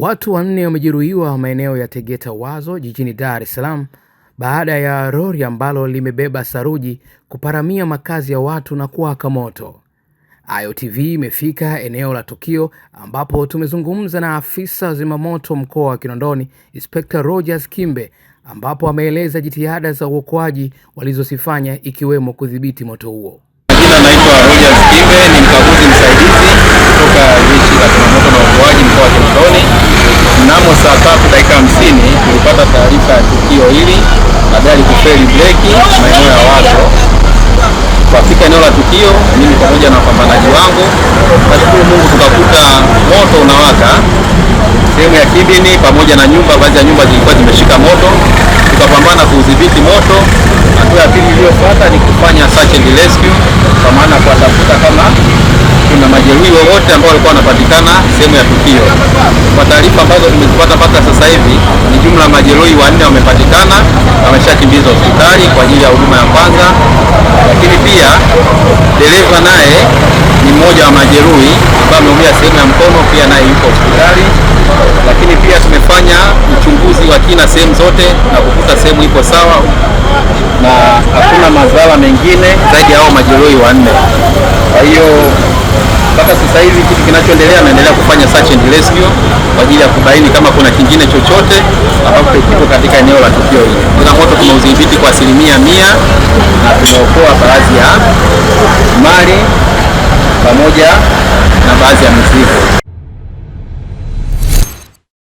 Watu wanne wamejeruhiwa maeneo ya Tegeta Wazo jijini Dar es Salaam baada ya lori ambalo limebeba saruji kuparamia makazi ya watu na kuwaka moto. iotv imefika eneo la tukio ambapo tumezungumza na afisa zimamoto mkoa wa Kinondoni, Inspekta Rogers Kimbe, ambapo ameeleza jitihada za uokoaji walizozifanya ikiwemo kudhibiti moto huo. alafu dakika hamsini tulipata taarifa ya tukio hili na gari kufeli breki maeneo ya Wazo. fika eneo la tukio, mimi pamoja na wapambanaji wangu, nashukuru Mungu, tukakuta moto unawaka sehemu ya kibini pamoja na nyumba, baadhi ya nyumba zilikuwa zimeshika moto. Tukapambana kuudhibiti moto. Hatua ya pili iliyofuata ni kufanya search and rescue, kwa maana kuwatafuta kama kuna majeruhi wowote ambao walikuwa wanapatikana sehemu ya tukio. Kwa taarifa ambazo tumezipata mpaka sasa hivi ni jumla ya majeruhi wanne wamepatikana, wameshakimbizwa hospitali kwa ajili ya huduma ya kwanza, lakini pia dereva naye ni mmoja wa majeruhi ambaye ameumia sehemu ya mkono, pia naye yuko hospitali. Lakini pia tumefanya uchunguzi wa kina sehemu zote na kukuta sehemu ipo sawa na hakuna madhara mengine zaidi ya hao majeruhi wanne. Kwa hiyo mpaka sasa hivi kitu kinachoendelea, naendelea kufanya search and rescue kwa ajili ya kubaini kama kuna kingine chochote ambapo kipo katika eneo la tukio hili. Kuna moto tumeudhibiti kwa asilimia mia na tumeokoa baadhi ya mali pamoja na baadhi ya mizigo.